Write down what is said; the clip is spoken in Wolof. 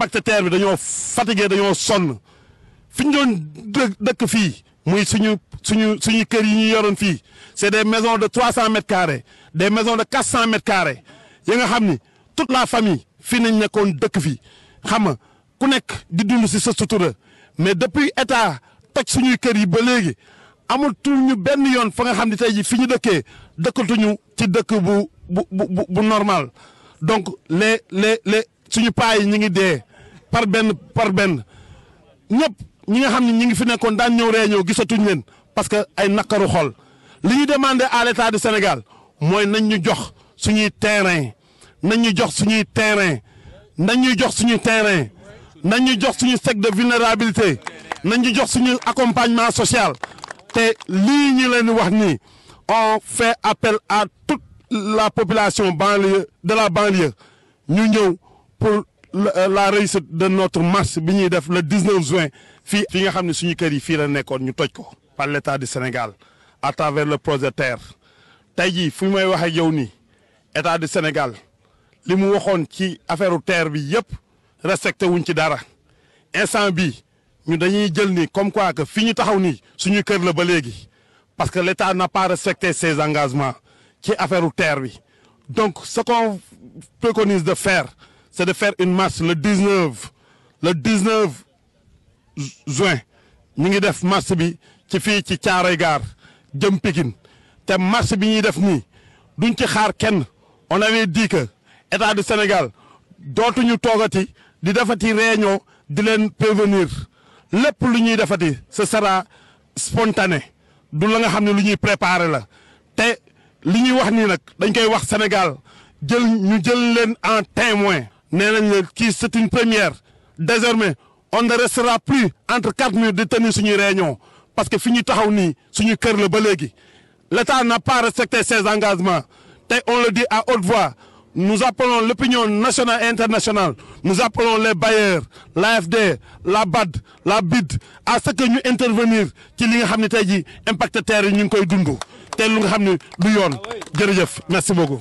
compacteur bi dañoo fatigué dañoo sonn fi ñu doon dëkk fii muy suñu suñu suñu kër yi ñu yoroon fii c'est des maisons de trois cent mètres carrés des maisons de quatre cent mètres carrés yi nga xam ni toute la famille fii nañ nekkoon dëkk fii xam nga ku nekk di dund si sa sutura mais depuis état toj suñuy kër yi ba léegi amatul ñu benn yoon fa nga xam ne tey jii fi ñu dëkkee dëkkatuñu ci dëkk bu bu bu bu normal donc les les les suñu paa yi ñu ngi dee par benn par benn ñëpp ñi nga xam ne ñi ngi fi nekkoon daan ñëw réunion gisatuñ leen parce que ay naqaru xol li ñu demandé à l'état de Sénégal mooy nañ ñu jox suñuy terrain nañ ñu jox suñuy terrain nañ ñu jox suñuy terrain nañ ñu jox suñu sec de vulnérabilité nañ ñu jox suñu accompagnement sociale te lii ñu leen wax nii on fait appel à toute la population banlieue de la banlieue ñu ñëw Euh, la réussite de notre marche bi ñuy def le 19 juin fii fi nga xam ne suñu kër yi fii la nekkoon ñu toj ko par l' du Sénégal à travers le projet terre tey jii fu may waxee ak yow nii état du Sénégal li mu waxoon ci affaire terre bi yëpp respecté wuñ ci dara instant bi ñu dañuy jël ni comme quoi que fi ñu taxaw nii suñu kër la ba léegi parce que l' état n'a pas respecté ses engagements ci affaire terre bi donc ce qu'on préconise de faire c'est de faire une marche le 19 le 19 juin ñu ngi def marche bi ci fii ci Thiaroye Gare jëm Pikine te marche bi ñuy def nii duñ ci xaar kenn on avait dit état de Sénégal dootuñu toogati di defati réunion di leen prévenir lépp lu ñuy defati ce sera spontané du la nga xam ne lu ñuy préparer la te li ñuy wax nii nag dañ koy wax Sénégal jël ñu jël leen en témoin nee nañ la kii c'est une première désormais on ne restera plus entre quatre murs di tenir suñuy réunion parce que fi ñu taxaw nii suñu kër la ba léegi l'État n'a pas respecté ses engagements tey on le dit à haute voix nous appelons l'opinion nationale et internationale nous appelons les bailleurs l'AFD la BAD la BID à ce que ñu intervenir ci li nga xam ne tey jii impact terre yi ñu ngi koy dund te lu nga xam ne du yoon jërëjëf merci beaucoup